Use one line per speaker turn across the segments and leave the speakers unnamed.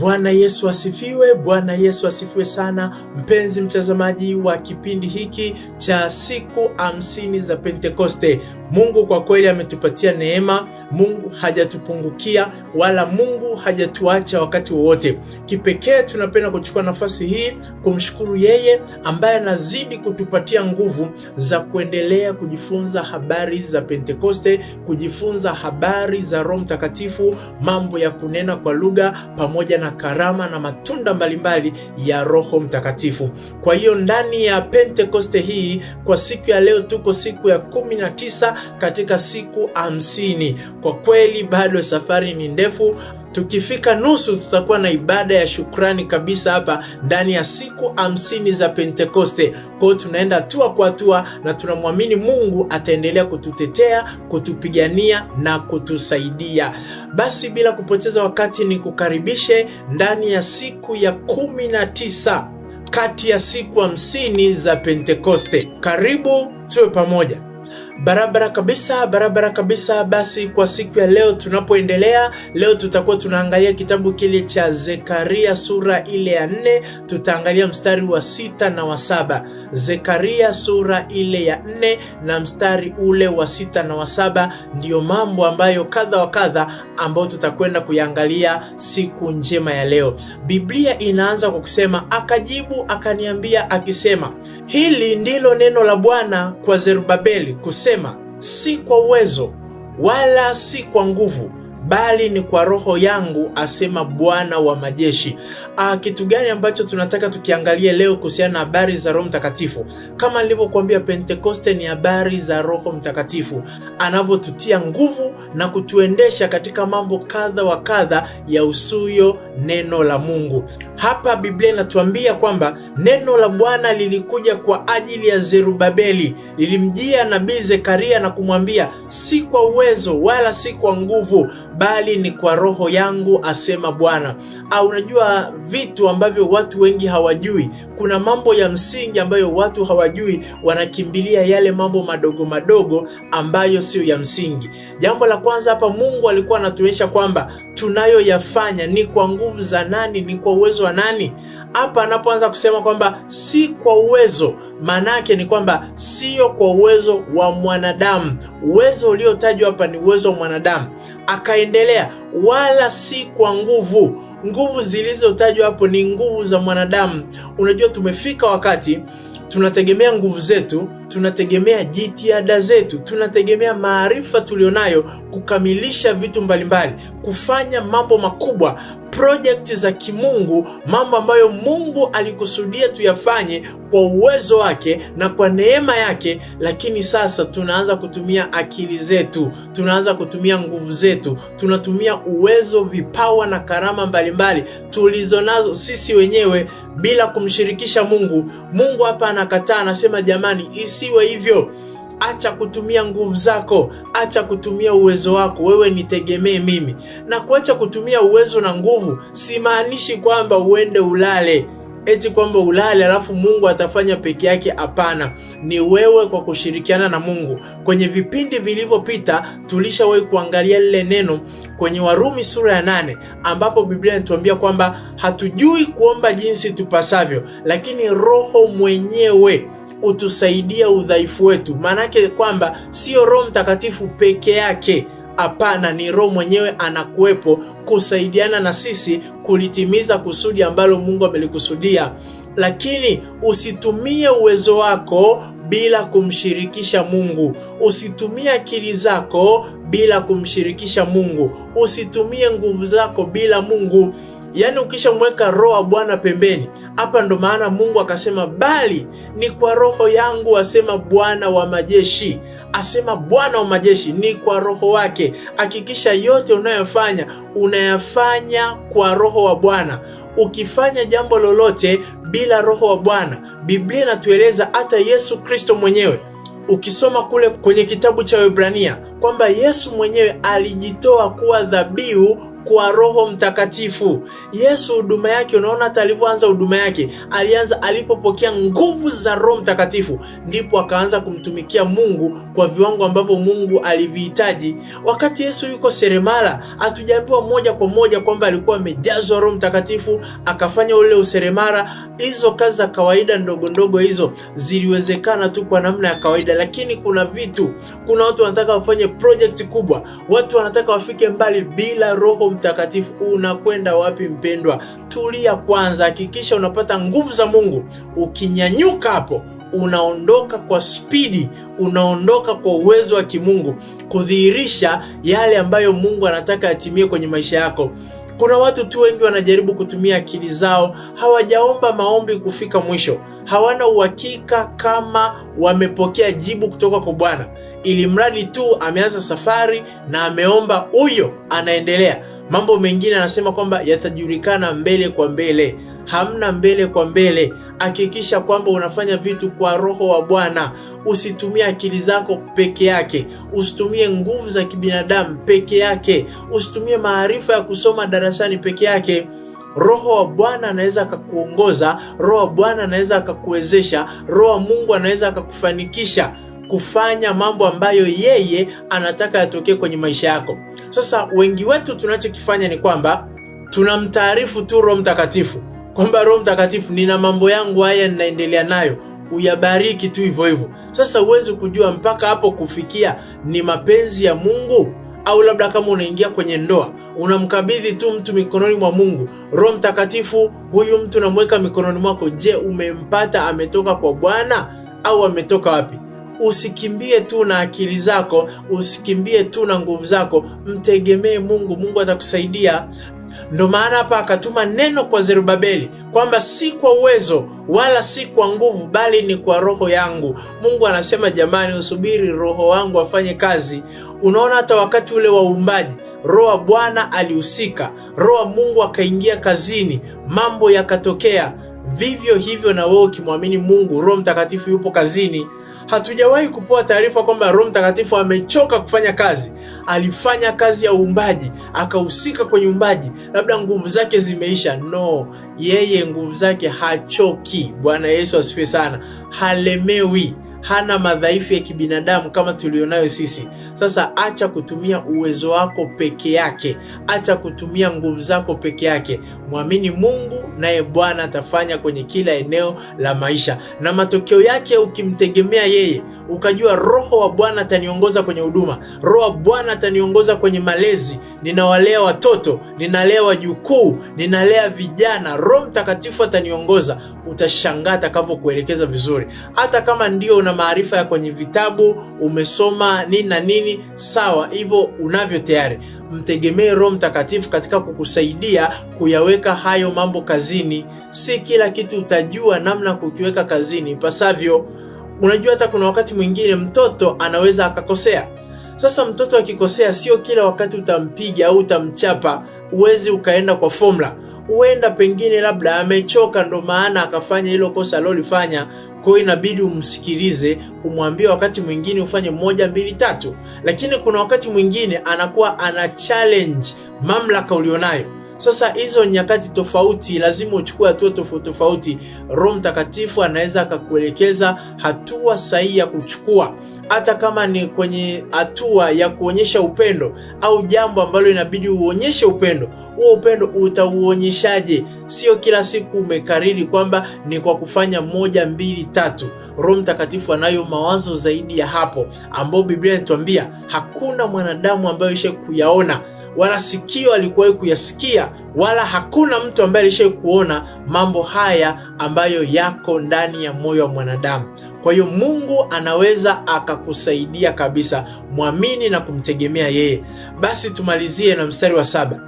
Bwana Yesu asifiwe. Bwana Yesu asifiwe sana, mpenzi mtazamaji wa kipindi hiki cha siku hamsini za Pentekoste. Mungu kwa kweli ametupatia neema, Mungu hajatupungukia wala Mungu hajatuacha wakati wowote. Kipekee tunapenda kuchukua nafasi hii kumshukuru yeye ambaye anazidi kutupatia nguvu za kuendelea kujifunza habari za Pentekoste, kujifunza habari za Roho Mtakatifu, mambo ya kunena kwa lugha pamoja na na karama na matunda mbalimbali ya Roho Mtakatifu. Kwa hiyo ndani ya Pentekoste hii kwa siku ya leo tuko siku ya kumi na tisa katika siku hamsini. Kwa kweli bado safari ni ndefu. Tukifika nusu tutakuwa na ibada ya shukrani kabisa hapa ndani ya siku hamsini za Pentekoste. Kwa hiyo tunaenda hatua kwa hatua, na tunamwamini Mungu ataendelea kututetea, kutupigania na kutusaidia. Basi bila kupoteza wakati, ni kukaribishe ndani ya siku ya kumi na tisa kati ya siku hamsini za Pentekoste. Karibu tuwe pamoja barabara kabisa, barabara kabisa. Basi kwa siku ya leo tunapoendelea, leo tutakuwa tunaangalia kitabu kile cha Zekaria sura ile ya nne, tutaangalia mstari wa sita na wa saba. Zekaria sura ile ya nne na mstari ule wa sita na wa saba, ndiyo mambo ambayo kadha wa kadha ambayo tutakwenda kuyaangalia siku njema ya leo. Biblia inaanza kwa kusema, akajibu akaniambia akisema, hili ndilo neno la Bwana kwa Zerubabeli kus anasema si kwa uwezo wala si kwa nguvu bali ni kwa roho yangu, asema Bwana wa majeshi. Ah, kitu gani ambacho tunataka tukiangalie leo kuhusiana na habari za Roho Mtakatifu? Kama nilivyokuambia, Pentekoste ni habari za Roho Mtakatifu anavyotutia nguvu na kutuendesha katika mambo kadha wa kadha ya usuyo neno la Mungu. Hapa Biblia inatuambia kwamba neno la Bwana lilikuja kwa ajili ya Zerubabeli, lilimjia nabii Zekaria na kumwambia, si kwa uwezo wala si kwa nguvu bali ni kwa roho yangu, asema Bwana. Au unajua vitu ambavyo watu wengi hawajui kuna mambo ya msingi ambayo watu hawajui, wanakimbilia yale mambo madogo madogo ambayo sio ya msingi. Jambo la kwanza hapa, Mungu alikuwa anatuonyesha kwamba tunayoyafanya ni kwa nguvu za nani, ni kwa uwezo wa nani. Hapa anapoanza kusema kwamba si kwa uwezo, maana yake ni kwamba sio kwa uwezo wa mwanadamu. Uwezo uliotajwa hapa ni uwezo wa mwanadamu. Akaendelea wala si kwa nguvu. Nguvu zilizotajwa hapo ni nguvu za mwanadamu. Unajua, tumefika wakati tunategemea nguvu zetu tunategemea jitihada zetu, tunategemea maarifa tulionayo kukamilisha vitu mbalimbali, kufanya mambo makubwa, projekt za kimungu, mambo ambayo Mungu alikusudia tuyafanye kwa uwezo wake na kwa neema yake. Lakini sasa tunaanza kutumia akili zetu, tunaanza kutumia nguvu zetu, tunatumia uwezo, vipawa na karama mbalimbali tulizonazo sisi wenyewe bila kumshirikisha Mungu. Mungu hapa anakataa, anasema jamani, isi isiwe hivyo. Acha kutumia nguvu zako, acha kutumia uwezo wako, wewe nitegemee mimi. Na kuacha kutumia uwezo na nguvu, simaanishi kwamba uende ulale eti kwamba ulale alafu Mungu atafanya peke yake. Hapana, ni wewe kwa kushirikiana na Mungu. Kwenye vipindi vilivyopita tulishawahi kuangalia lile neno kwenye Warumi sura ya nane ambapo Biblia inatuambia kwamba hatujui kuomba jinsi tupasavyo, lakini Roho mwenyewe utusaidia udhaifu wetu. Maanake kwamba sio Roho Mtakatifu peke yake, hapana, ni Roho mwenyewe anakuwepo kusaidiana na sisi kulitimiza kusudi ambalo Mungu amelikusudia. Lakini usitumie uwezo wako bila kumshirikisha Mungu. Usitumie akili zako bila kumshirikisha Mungu. Usitumie nguvu zako bila Mungu yaani ukishamweka roho wa Bwana pembeni. Hapa ndo maana Mungu akasema, bali ni kwa roho yangu asema Bwana wa majeshi, asema Bwana wa majeshi, ni kwa roho wake. Hakikisha yote unayofanya unayafanya kwa roho wa Bwana. Ukifanya jambo lolote bila roho wa Bwana, Biblia inatueleza hata Yesu Kristo mwenyewe ukisoma kule kwenye kitabu cha webrania kwamba Yesu mwenyewe alijitoa kuwa dhabihu kwa Roho Mtakatifu. Yesu huduma yake, unaona hata alivyoanza huduma yake, alianza alipopokea nguvu za Roho Mtakatifu, ndipo akaanza kumtumikia Mungu kwa viwango ambavyo Mungu alivihitaji. Wakati Yesu yuko seremala, hatujaambiwa moja kwa moja kwamba alikuwa amejazwa Roho Mtakatifu akafanya ule useremala. Hizo kazi za kawaida ndogo ndogo hizo ziliwezekana tu kwa namna ya kawaida, lakini kuna vitu, kuna watu wanataka wafanye project kubwa, watu wanataka wafike mbali bila Roho Mtakatifu unakwenda wapi mpendwa? Tulia kwanza, hakikisha unapata nguvu za Mungu. Ukinyanyuka hapo unaondoka kwa spidi, unaondoka kwa uwezo wa kimungu kudhihirisha yale ambayo Mungu anataka atimie kwenye maisha yako. Kuna watu tu wengi wanajaribu kutumia akili zao, hawajaomba maombi kufika mwisho, hawana uhakika kama wamepokea jibu kutoka kwa Bwana, ili mradi tu ameanza safari na ameomba, huyo anaendelea. Mambo mengine anasema kwamba yatajulikana mbele kwa mbele. Hamna mbele kwa mbele. Hakikisha kwamba unafanya vitu kwa roho wa Bwana. Usitumie akili zako peke yake, usitumie nguvu za kibinadamu peke yake, usitumie maarifa ya kusoma darasani peke yake. Roho wa Bwana anaweza akakuongoza, Roho wa Bwana anaweza akakuwezesha, Roho wa Mungu anaweza akakufanikisha kufanya mambo ambayo yeye anataka yatokee kwenye maisha yako. Sasa wengi wetu tunachokifanya ni kwamba tunamtaarifu tu Roho Mtakatifu kwamba Roho Mtakatifu, nina mambo yangu haya ninaendelea nayo uyabariki tu hivyo hivyo. Sasa huwezi kujua mpaka hapo kufikia ni mapenzi ya Mungu au labda kama unaingia kwenye ndoa unamkabidhi tu mtu mikononi mwa Mungu. Roho Mtakatifu, huyu mtu namweka mikononi mwako, je, umempata ametoka kwa Bwana au ametoka wapi? Usikimbie tu na akili zako, usikimbie tu na nguvu zako, mtegemee Mungu. Mungu atakusaidia. Ndo maana hapa akatuma neno kwa Zerubabeli kwamba si kwa uwezo wala si kwa nguvu, bali ni kwa roho yangu. Mungu anasema jamani, usubiri roho wangu afanye kazi. Unaona, hata wakati ule wa uumbaji roho wa Bwana alihusika, roho wa Mungu akaingia kazini, mambo yakatokea. Vivyo hivyo na wewe ukimwamini Mungu, Roho Mtakatifu yupo kazini. Hatujawahi kupewa taarifa kwamba Roho Mtakatifu amechoka kufanya kazi. Alifanya kazi ya uumbaji, akahusika kwenye uumbaji, labda nguvu zake zimeisha. No, yeye nguvu zake hachoki. Bwana Yesu asifiwe sana. Halemewi, hana madhaifu ya kibinadamu kama tulionayo sisi. Sasa acha kutumia uwezo wako peke yake, acha kutumia nguvu zako peke yake. Mwamini Mungu naye Bwana atafanya kwenye kila eneo la maisha, na matokeo yake ukimtegemea yeye ukajua roho wa Bwana ataniongoza kwenye huduma, roho wa Bwana ataniongoza kwenye malezi, ninawalea watoto, ninalea wajukuu, ninalea vijana, Roho Mtakatifu ataniongoza. Utashangaa atakavyokuelekeza vizuri. Hata kama ndio una maarifa ya kwenye vitabu umesoma nini na nini, sawa, hivyo unavyo tayari, mtegemee Roho Mtakatifu katika kukusaidia kuyaweka kuweka hayo mambo kazini. Si kila kitu utajua namna kukiweka kazini ipasavyo. Unajua, hata kuna wakati mwingine mtoto anaweza akakosea. Sasa mtoto akikosea, sio kila wakati utampiga au utamchapa, uwezi ukaenda kwa formula. Huenda pengine labda amechoka, ndo maana akafanya hilo kosa alilofanya. Kwa hiyo inabidi umsikilize, umwambie wakati mwingine ufanye moja mbili tatu, lakini kuna wakati mwingine anakuwa ana challenge mamlaka ulionayo. Sasa hizo nyakati tofauti, lazima uchukue hatua tofauti tofauti. Roho Mtakatifu anaweza akakuelekeza hatua sahihi ya kuchukua, hata kama ni kwenye hatua ya kuonyesha upendo au jambo ambalo inabidi uonyeshe upendo. Huo upendo utauonyeshaje? Sio kila siku umekariri kwamba ni kwa kufanya moja, mbili, tatu. Roho Mtakatifu anayo mawazo zaidi ya hapo, ambao Biblia inatuambia hakuna mwanadamu ambaye ishe kuyaona wala sikio alikuwahi kuyasikia, wala hakuna mtu ambaye alishawahi kuona mambo haya ambayo yako ndani ya moyo wa mwanadamu. Kwa hiyo Mungu anaweza akakusaidia kabisa, mwamini na kumtegemea yeye. Basi tumalizie na mstari wa saba.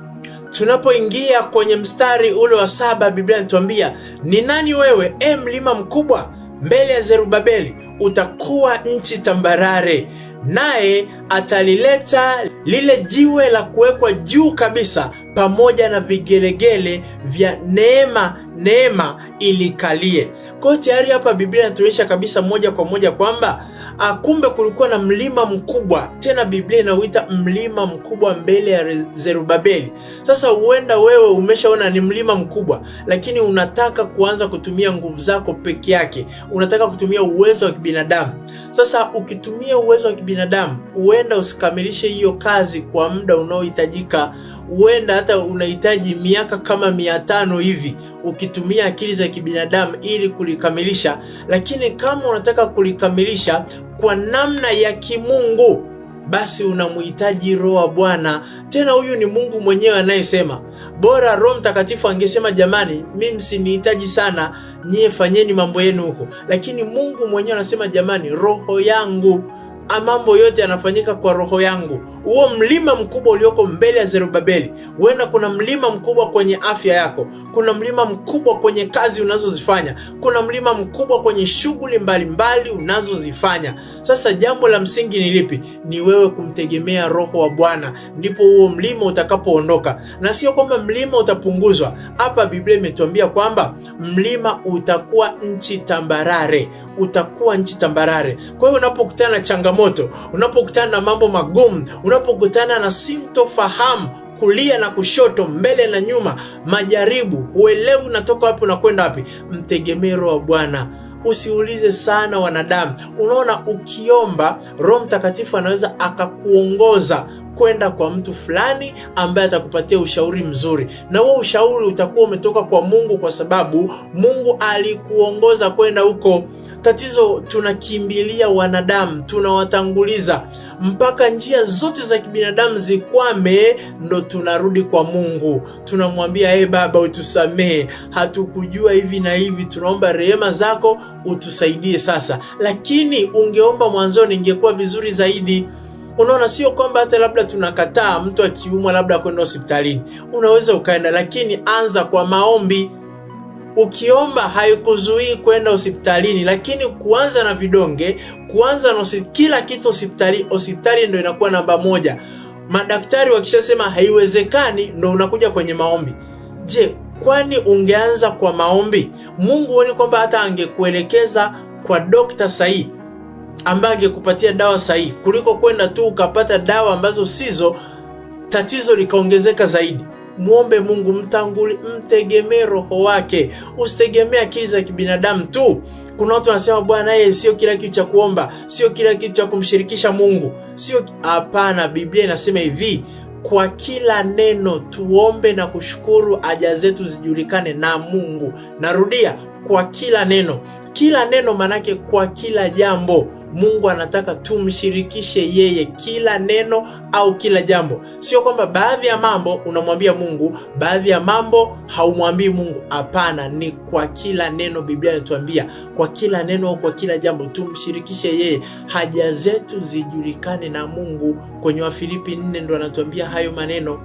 Tunapoingia kwenye mstari ule wa saba, Biblia inatuambia ni nani wewe, e mlima mkubwa, mbele ya Zerubabeli utakuwa nchi tambarare naye atalileta lile jiwe la kuwekwa juu kabisa pamoja na vigelegele vya neema neema ilikalie. Kwa hiyo tayari hapa Biblia inatuonyesha kabisa moja kwa moja kwamba Ah, kumbe kulikuwa na mlima mkubwa, tena Biblia inauita mlima mkubwa mbele ya Zerubabeli. Sasa huenda wewe umeshaona ni mlima mkubwa, lakini unataka kuanza kutumia nguvu zako peke yake, unataka kutumia uwezo wa kibinadamu. Sasa ukitumia uwezo wa kibinadamu, huenda usikamilishe hiyo kazi kwa muda unaohitajika huenda hata unahitaji miaka kama mia tano hivi ukitumia akili za kibinadamu ili kulikamilisha, lakini kama unataka kulikamilisha kwa namna ya kimungu basi unamhitaji roho wa Bwana. Tena huyu ni Mungu mwenyewe anayesema. Bora Roho Mtakatifu angesema jamani, mimi msinihitaji sana, nyie fanyeni mambo yenu huko, lakini Mungu mwenyewe anasema jamani, roho yangu Ah, mambo yote yanafanyika kwa roho yangu. Huo mlima mkubwa ulioko mbele ya Zerubabeli, huenda kuna mlima mkubwa kwenye afya yako, kuna mlima mkubwa kwenye kazi unazozifanya, kuna mlima mkubwa kwenye shughuli mbalimbali unazozifanya. Sasa jambo la msingi ni lipi? Ni wewe kumtegemea Roho wa Bwana, ndipo huo mlima utakapoondoka, na sio kwamba mlima utapunguzwa. Hapa Biblia imetuambia kwamba mlima utakuwa nchi tambarare utakuwa nchi tambarare. Kwa hiyo unapokutana na changamoto, unapokutana na mambo magumu, unapokutana na sintofahamu kulia na kushoto, mbele na nyuma, majaribu, uelewu unatoka wapi unakwenda wapi, mtegemee roho wa Bwana. Usiulize sana wanadamu. Unaona, ukiomba Roho Mtakatifu anaweza akakuongoza kwenda kwa mtu fulani ambaye atakupatia ushauri mzuri, na huo ushauri utakuwa umetoka kwa Mungu, kwa sababu Mungu alikuongoza kwenda huko. Tatizo tunakimbilia wanadamu, tunawatanguliza mpaka njia zote za kibinadamu zikwame, ndo tunarudi kwa Mungu, tunamwambia e, Baba utusamehe, hatukujua hivi na hivi, tunaomba rehema zako, utusaidie sasa. Lakini ungeomba mwanzoni, ingekuwa vizuri zaidi. Unaona, sio kwamba hata labda tunakataa mtu akiumwa labda kwenda hospitalini, unaweza ukaenda, lakini anza kwa maombi. Ukiomba haikuzuii kwenda hospitalini, lakini kuanza na vidonge, kuanza na kila kitu hospitali, hospitali ndio inakuwa namba moja. Madaktari wakishasema haiwezekani, ndo unakuja kwenye maombi. Je, kwani ungeanza kwa maombi? Mungu huoni kwamba hata angekuelekeza kwa dokta sahihi ambaye angekupatia dawa sahihi kuliko kwenda tu ukapata dawa ambazo sizo, tatizo likaongezeka zaidi. Muombe Mungu, mtanguli, mtegemee roho wake, usitegemee akili za kibinadamu tu. Kuna watu wanasema bwana, yeye sio kila kitu cha kuomba, sio kila kitu cha kumshirikisha Mungu, sio hapana. Biblia inasema hivi, kwa kila neno tuombe na kushukuru, haja zetu zijulikane na Mungu. Narudia, kwa kila neno. Kila neno maanake kwa kila jambo Mungu anataka tumshirikishe yeye kila neno au kila jambo. Sio kwamba baadhi ya mambo unamwambia Mungu, baadhi ya mambo haumwambii Mungu. Hapana, ni kwa kila neno. Biblia inatuambia kwa kila neno au kwa kila jambo tumshirikishe yeye, haja zetu zijulikane na Mungu. Kwenye Wafilipi 4 ndo anatuambia hayo maneno,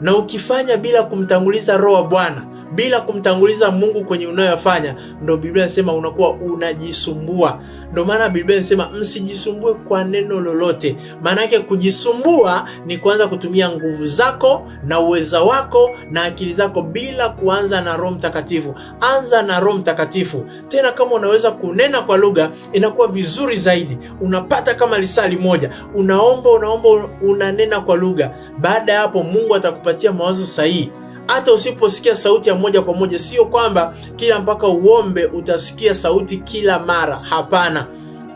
na ukifanya bila kumtanguliza Roho wa Bwana bila kumtanguliza Mungu kwenye unayoyafanya, ndo Biblia inasema unakuwa unajisumbua. Ndo maana Biblia inasema msijisumbue kwa neno lolote. Maana yake kujisumbua ni kuanza kutumia nguvu zako na uweza wako na akili zako bila kuanza na Roho Mtakatifu. Anza na Roho Mtakatifu. Tena kama unaweza kunena kwa lugha inakuwa vizuri zaidi, unapata kama lisali moja, unaomba unaomba, unanena kwa lugha. Baada ya hapo, Mungu atakupatia mawazo sahihi hata usiposikia sauti ya moja kwa moja. Sio kwamba kila mpaka uombe utasikia sauti kila mara, hapana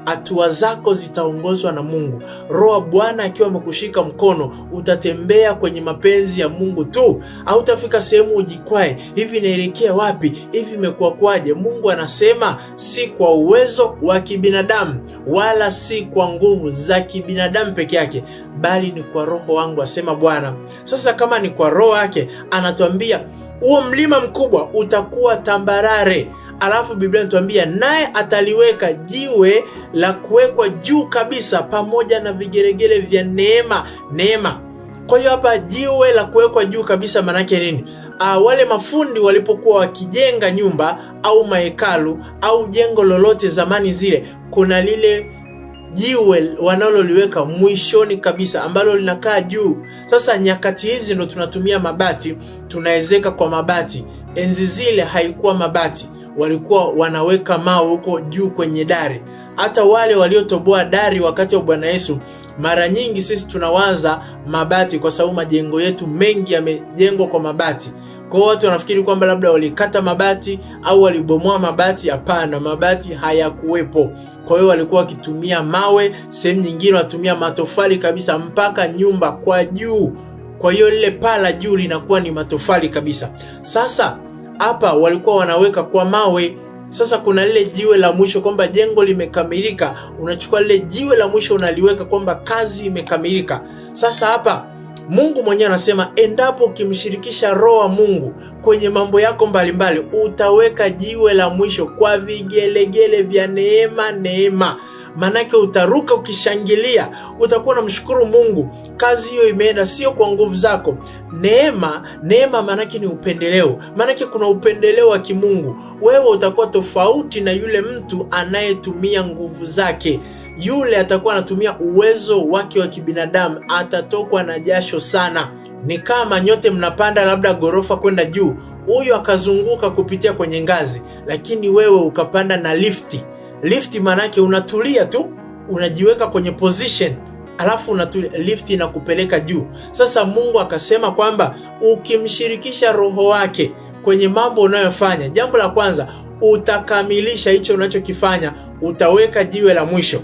hatua zako zitaongozwa na Mungu. Roho wa Bwana akiwa amekushika mkono, utatembea kwenye mapenzi ya Mungu tu, au utafika sehemu ujikwae, hivi naelekea wapi? Hivi imekuwa kwaje? Mungu anasema si kwa uwezo wa kibinadamu wala si kwa nguvu za kibinadamu peke yake bali ni kwa roho wangu, asema Bwana. Sasa kama ni kwa roho yake, anatuambia huo mlima mkubwa utakuwa tambarare alafu Biblia inatuambia naye ataliweka jiwe la kuwekwa juu kabisa pamoja na vigeregere vya neema. Neema. Kwa hiyo hapa jiwe la kuwekwa juu kabisa manake nini? A, ah, wale mafundi walipokuwa wakijenga nyumba au mahekalu au jengo lolote zamani zile, kuna lile jiwe wanaloliweka mwishoni kabisa ambalo linakaa juu. Sasa nyakati hizi ndo tunatumia mabati, tunaezeka kwa mabati. Enzi zile haikuwa mabati walikuwa wanaweka mawe huko juu kwenye dari. Hata wale waliotoboa dari wakati wa Bwana Yesu, mara nyingi sisi tunawaza mabati, kwa sababu majengo yetu mengi yamejengwa kwa mabati. Kwa watu wanafikiri kwamba labda walikata mabati au walibomoa mabati. Hapana, mabati hayakuwepo. Kwa hiyo walikuwa wakitumia mawe, sehemu nyingine watumia matofali kabisa mpaka nyumba kwa juu. Kwa hiyo lile paa la juu linakuwa ni matofali kabisa. Sasa hapa walikuwa wanaweka kwa mawe. Sasa kuna lile jiwe la mwisho kwamba jengo limekamilika, unachukua lile jiwe la mwisho unaliweka kwamba kazi imekamilika. Sasa hapa Mungu mwenyewe anasema endapo ukimshirikisha Roho wa Mungu kwenye mambo yako mbalimbali, utaweka jiwe la mwisho kwa vigelegele vya neema neema maanake utaruka ukishangilia, utakuwa mshukuru Mungu. Kazi hiyo imeenda, sio kwa nguvu zako. Neema, neema maanake ni upendeleo, maanake kuna upendeleo wa kimungu. Wewe utakuwa tofauti na yule mtu anayetumia nguvu zake yule atakuwa anatumia uwezo wake wa kibinadamu, atatokwa na jasho sana. Ni kama nyote mnapanda labda ghorofa kwenda juu, huyo akazunguka kupitia kwenye ngazi, lakini wewe ukapanda na lifti Lift maanake unatulia tu, unajiweka kwenye position alafu unatulia, lift inakupeleka juu. Sasa Mungu akasema kwamba ukimshirikisha Roho wake kwenye mambo unayofanya, jambo la kwanza utakamilisha hicho unachokifanya, utaweka jiwe la mwisho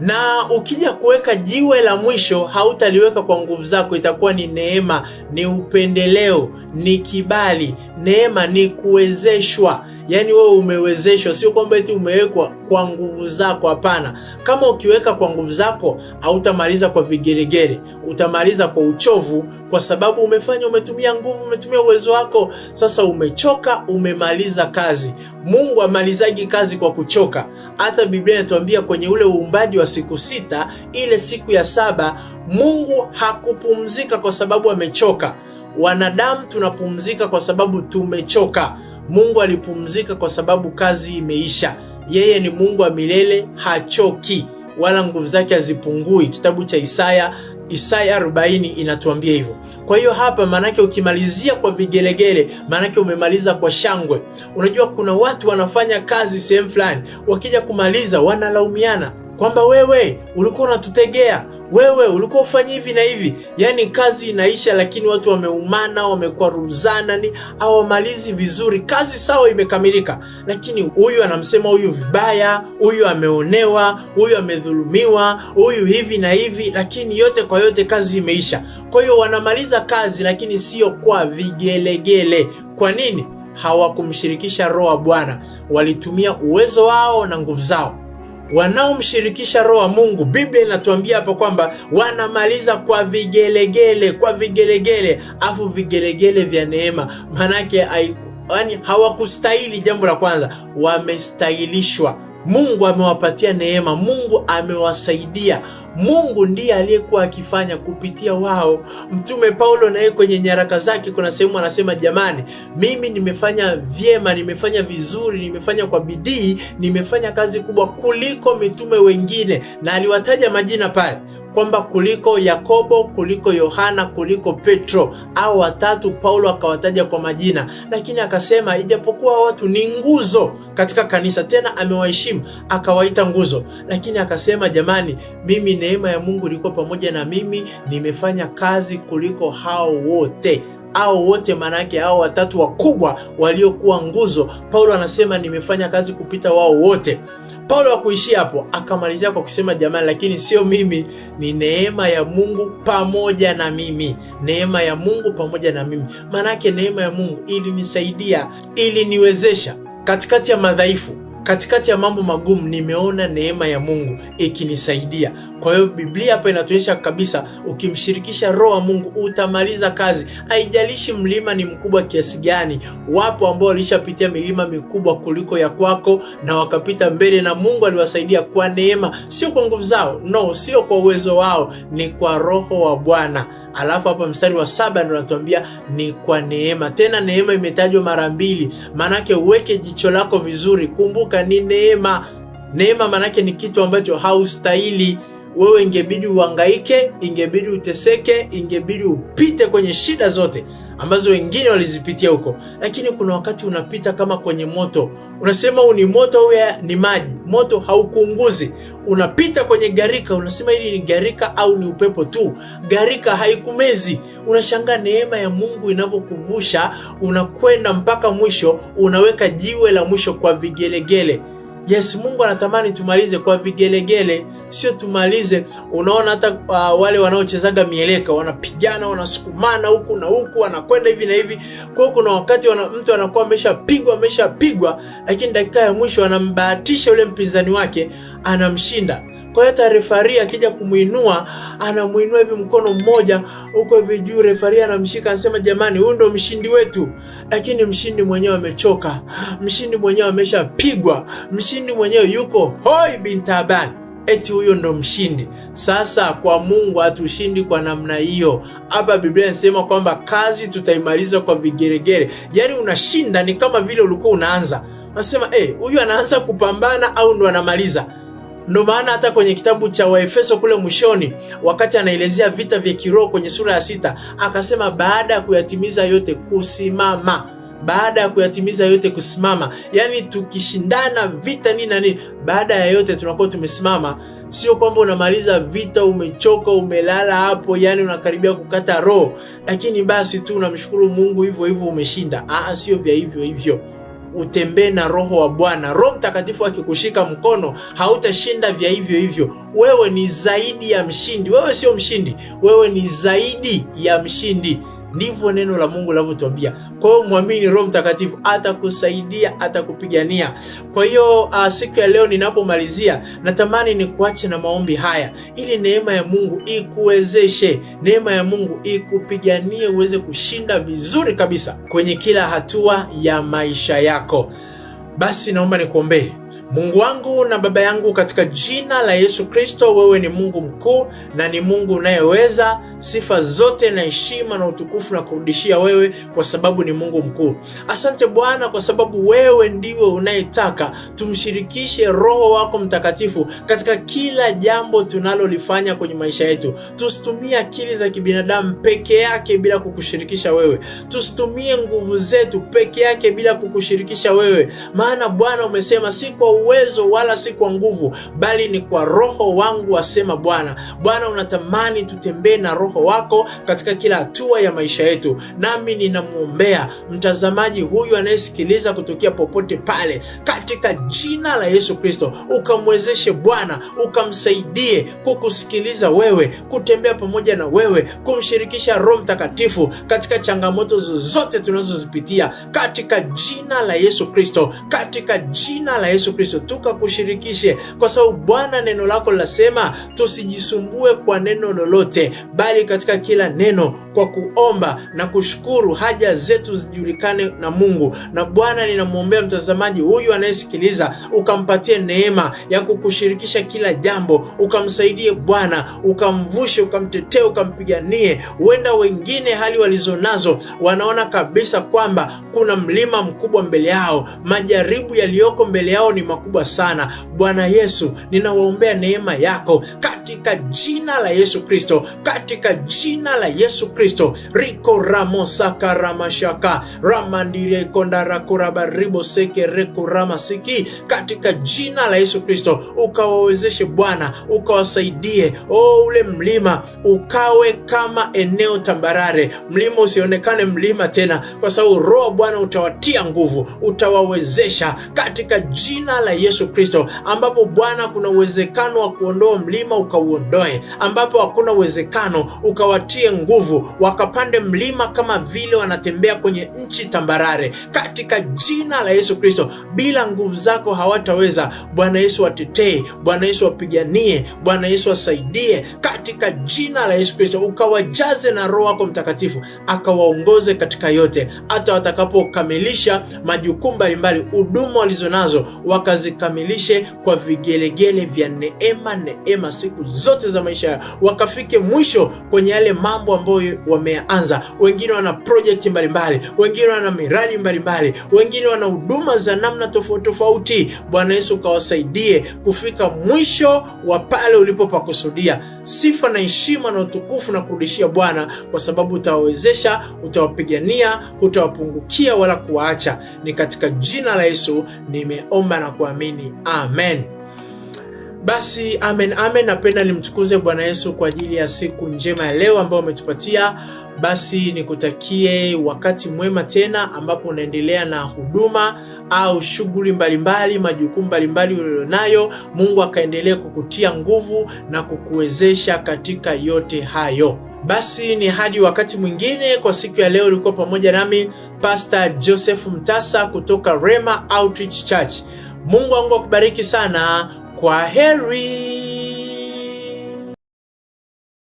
na ukija kuweka jiwe la mwisho hautaliweka kwa nguvu zako, itakuwa ni neema, ni upendeleo, ni kibali. Neema ni kuwezeshwa, Yaani wewe umewezeshwa, sio kwamba eti umewekwa kwa nguvu zako. Hapana, kama ukiweka kwa nguvu zako hautamaliza kwa vigeregere, utamaliza kwa uchovu, kwa sababu umefanya, umetumia nguvu, umetumia uwezo wako. Sasa umechoka, umemaliza kazi. Mungu amalizaji kazi kwa kuchoka. Hata Biblia inatuambia kwenye ule uumbaji wa siku sita, ile siku ya saba Mungu hakupumzika kwa sababu amechoka. Wanadamu tunapumzika kwa sababu tumechoka. Mungu alipumzika kwa sababu kazi imeisha. Yeye ni Mungu wa milele, hachoki wala nguvu zake hazipungui. Kitabu cha Isaya Isaya 40 inatuambia hivyo. Kwa hiyo hapa maanake ukimalizia kwa vigelegele, maanake umemaliza kwa shangwe. Unajua kuna watu wanafanya kazi sehemu fulani, wakija kumaliza wanalaumiana kwamba wewe ulikuwa unatutegea wewe ulikuwa ufanyi hivi na hivi, yaani kazi inaisha, lakini watu wameumana, wamekwaruzana, ni hawamalizi vizuri. Kazi sawa, imekamilika, lakini huyu anamsema huyu vibaya, huyu ameonewa, huyu amedhulumiwa, huyu hivi na hivi, lakini yote kwa yote kazi imeisha. Kwa hiyo wanamaliza kazi, lakini sio kwa vigelegele. Kwa nini? Hawakumshirikisha Roho wa Bwana, walitumia uwezo wao na nguvu zao wanaomshirikisha roho wa Mungu, Biblia inatuambia hapa kwamba wanamaliza kwa vigelegele, kwa vigelegele, afu vigelegele vya neema. yake yani, hawakustahili. Jambo la kwanza, wamestahilishwa. Mungu amewapatia neema, Mungu amewasaidia Mungu ndiye aliyekuwa akifanya kupitia wao. Mtume Paulo naye kwenye nyaraka zake kuna sehemu anasema, jamani, mimi nimefanya vyema, nimefanya vizuri, nimefanya kwa bidii, nimefanya kazi kubwa kuliko mitume wengine, na aliwataja majina pale kwamba kuliko Yakobo, kuliko Yohana, kuliko Petro au watatu. Paulo akawataja kwa majina, lakini akasema ijapokuwa watu ni nguzo katika kanisa, tena amewaheshimu akawaita nguzo, lakini akasema jamani, mimi neema ya Mungu ilikuwa pamoja na mimi, nimefanya kazi kuliko hao wote au wote maanake hao watatu wakubwa waliokuwa nguzo. Paulo anasema nimefanya kazi kupita wao wote. Paulo hakuishia hapo, akamalizia kwa kusema jamani, lakini sio mimi, ni neema ya Mungu pamoja na mimi, neema ya Mungu pamoja na mimi. Maanake neema ya Mungu ilinisaidia, iliniwezesha katikati ya madhaifu katikati ya mambo magumu nimeona neema ya Mungu ikinisaidia. Kwa hiyo Biblia hapa inatuonyesha kabisa, ukimshirikisha Roho wa Mungu utamaliza kazi. Haijalishi mlima ni mkubwa kiasi gani. Wapo ambao walishapitia milima mikubwa kuliko ya kwako na wakapita mbele, na Mungu aliwasaidia kwa neema, sio kwa nguvu zao, no, sio kwa uwezo wao, ni kwa Roho wa Bwana. Alafu hapa mstari wa saba ndio anatuambia ni kwa neema. Tena neema imetajwa mara mbili, maanake uweke jicho lako vizuri, kumbuka kuanguka ni neema. Neema manake ni kitu ambacho haustahili wewe. Ingebidi uhangaike, ingebidi uteseke, ingebidi upite kwenye shida zote, ambazo wengine walizipitia huko, lakini kuna wakati unapita kama kwenye moto, unasema huu ni moto au ni maji? Moto haukunguzi. Unapita kwenye gharika, unasema hili ni gharika au ni upepo tu? Gharika haikumezi. Unashangaa neema ya Mungu inavyokuvusha, unakwenda mpaka mwisho, unaweka jiwe la mwisho kwa vigelegele. Yes, Mungu anatamani tumalize kwa vigelegele, sio tumalize. Unaona hata uh, wale wanaochezaga mieleka wanapigana, wanasukumana huku na huku, wanakwenda hivi na hivi. Kwa hiyo kuna wakati wana, mtu anakuwa ameshapigwa ameshapigwa, lakini dakika ya mwisho anambahatisha yule mpinzani wake, anamshinda. Kwa hiyo hata refari akija kumuinua anamuinua hivi mkono mmoja huko hivi juu, refari anamshika anasema, jamani, huyu ndo mshindi wetu. Lakini mshindi mwenyewe amechoka, mshindi mwenyewe ameshapigwa, mshindi mwenyewe yuko hoi bintaban eti huyo ndo mshindi. Sasa kwa Mungu hatushindi kwa namna hiyo. Hapa Biblia inasema kwamba kazi tutaimaliza kwa vigeregere, yaani unashinda ni kama vile ulikuwa unaanza. Nasema eh, huyu anaanza kupambana au ndo anamaliza? Ndio maana hata kwenye kitabu cha Waefeso kule mwishoni, wakati anaelezea vita vya kiroho kwenye sura ya sita, akasema baada ya kuyatimiza yote kusimama baada ya kuyatimiza yote kusimama. Yaani tukishindana vita nini na nini, baada ya yote tunakuwa tumesimama. Sio kwamba unamaliza vita umechoka, umelala hapo, yani unakaribia kukata roho, lakini basi tu unamshukuru Mungu hivyo hivyo, umeshinda. Ah, sio vya hivyo hivyo utembee na roho wa Bwana. Roho Mtakatifu akikushika mkono, hautashinda vya hivyo hivyo. Wewe ni zaidi ya mshindi. Wewe sio mshindi, wewe ni zaidi ya mshindi. Ndivyo neno la Mungu linavyotuambia. Kwa hiyo mwamini Roho Mtakatifu, atakusaidia atakupigania. Kwa hiyo uh, siku ya leo ninapomalizia, natamani kuache na maombi haya, ili neema ya Mungu ikuwezeshe, neema ya Mungu ikupiganie uweze kushinda vizuri kabisa kwenye kila hatua ya maisha yako. Basi naomba nikuombee. Mungu wangu na Baba yangu, katika jina la Yesu Kristo, wewe ni Mungu mkuu na ni Mungu unayeweza. Sifa zote na heshima na utukufu na kurudishia wewe, kwa sababu ni Mungu mkuu. Asante Bwana, kwa sababu wewe ndiwe unayetaka tumshirikishe Roho wako Mtakatifu katika kila jambo tunalolifanya kwenye maisha yetu. Tusitumie akili za kibinadamu peke yake bila kukushirikisha wewe, tusitumie nguvu zetu peke yake bila kukushirikisha wewe, maana Bwana umesema si kwa uwezo wala si kwa nguvu, bali ni kwa roho wangu, asema Bwana. Bwana, unatamani tutembee na roho wako katika kila hatua ya maisha yetu, nami ninamwombea mtazamaji huyu anayesikiliza kutokea popote pale, katika jina la Yesu Kristo, ukamwezeshe Bwana, ukamsaidie kukusikiliza wewe, kutembea pamoja na wewe, kumshirikisha Roho Mtakatifu katika changamoto zozote tunazozipitia katika jina la Yesu Kristo, katika jina la Yesu Kristo. Kristo, tukakushirikishe, kwa sababu Bwana neno lako linasema tusijisumbue kwa neno lolote, bali katika kila neno kwa kuomba na kushukuru haja zetu zijulikane na Mungu. Na Bwana, ninamwombea mtazamaji huyu anayesikiliza, ukampatie neema ya kukushirikisha kila jambo, ukamsaidie Bwana, ukamvushe, ukamtetee, ukampiganie. Huenda wengine hali walizonazo wanaona kabisa kwamba kuna mlima mkubwa mbele yao, majaribu yaliyoko mbele yao ni makubwa sana. Bwana Yesu, ninawaombea neema yako katika jina la Yesu Kristo, katika jina la Yesu Kristo. riko ramosaka ramashaka ramasiki, katika jina la Yesu Kristo, ukawawezeshe Bwana, ukawasaidie. O, ule mlima ukawe kama eneo tambarare, mlima usionekane mlima tena, kwa sababu Roho Bwana utawatia nguvu, utawawezesha katika jina la Yesu Kristo, ambapo Bwana kuna uwezekano wa kuondoa mlima ukauondoe, ambapo hakuna uwezekano ukawatie nguvu wakapande mlima kama vile wanatembea kwenye nchi tambarare, katika jina la Yesu Kristo. Bila nguvu zako hawataweza. Bwana Yesu watetee, Bwana Yesu wapiganie, Bwana Yesu wasaidie, katika jina la Yesu Kristo. Ukawajaze na Roho yako Mtakatifu, akawaongoze katika yote, hata watakapokamilisha majukumu mbalimbali, huduma walizonazo waka wakazikamilishe kwa vigelegele vya neema, neema siku zote za maisha yao, wakafike mwisho kwenye yale mambo ambayo wameanza. Wengine wana projekti mbalimbali, wengine wana miradi mbalimbali, wengine wana huduma za namna tofauti tofauti. Bwana Yesu kawasaidie kufika mwisho wa pale ulipo pakusudia Sifa na heshima na utukufu na kurudishia Bwana, kwa sababu utawawezesha, utawapigania, utawapungukia wala kuwaacha. Ni katika jina la Yesu nimeomba na kuamini. Amen. Basi amen, amen. Napenda nimtukuze Bwana Yesu kwa ajili ya siku njema ya leo ambayo umetupatia. Basi nikutakie wakati mwema tena, ambapo unaendelea na huduma au shughuli mbalimbali, majukumu mbalimbali ulionayo. Mungu akaendelee kukutia nguvu na kukuwezesha katika yote hayo. Basi ni hadi wakati mwingine. Kwa siku ya leo ulikuwa pamoja nami Pastor Joseph Mtasa kutoka Rema Outreach Church. Mungu akubariki sana. Kwa heri.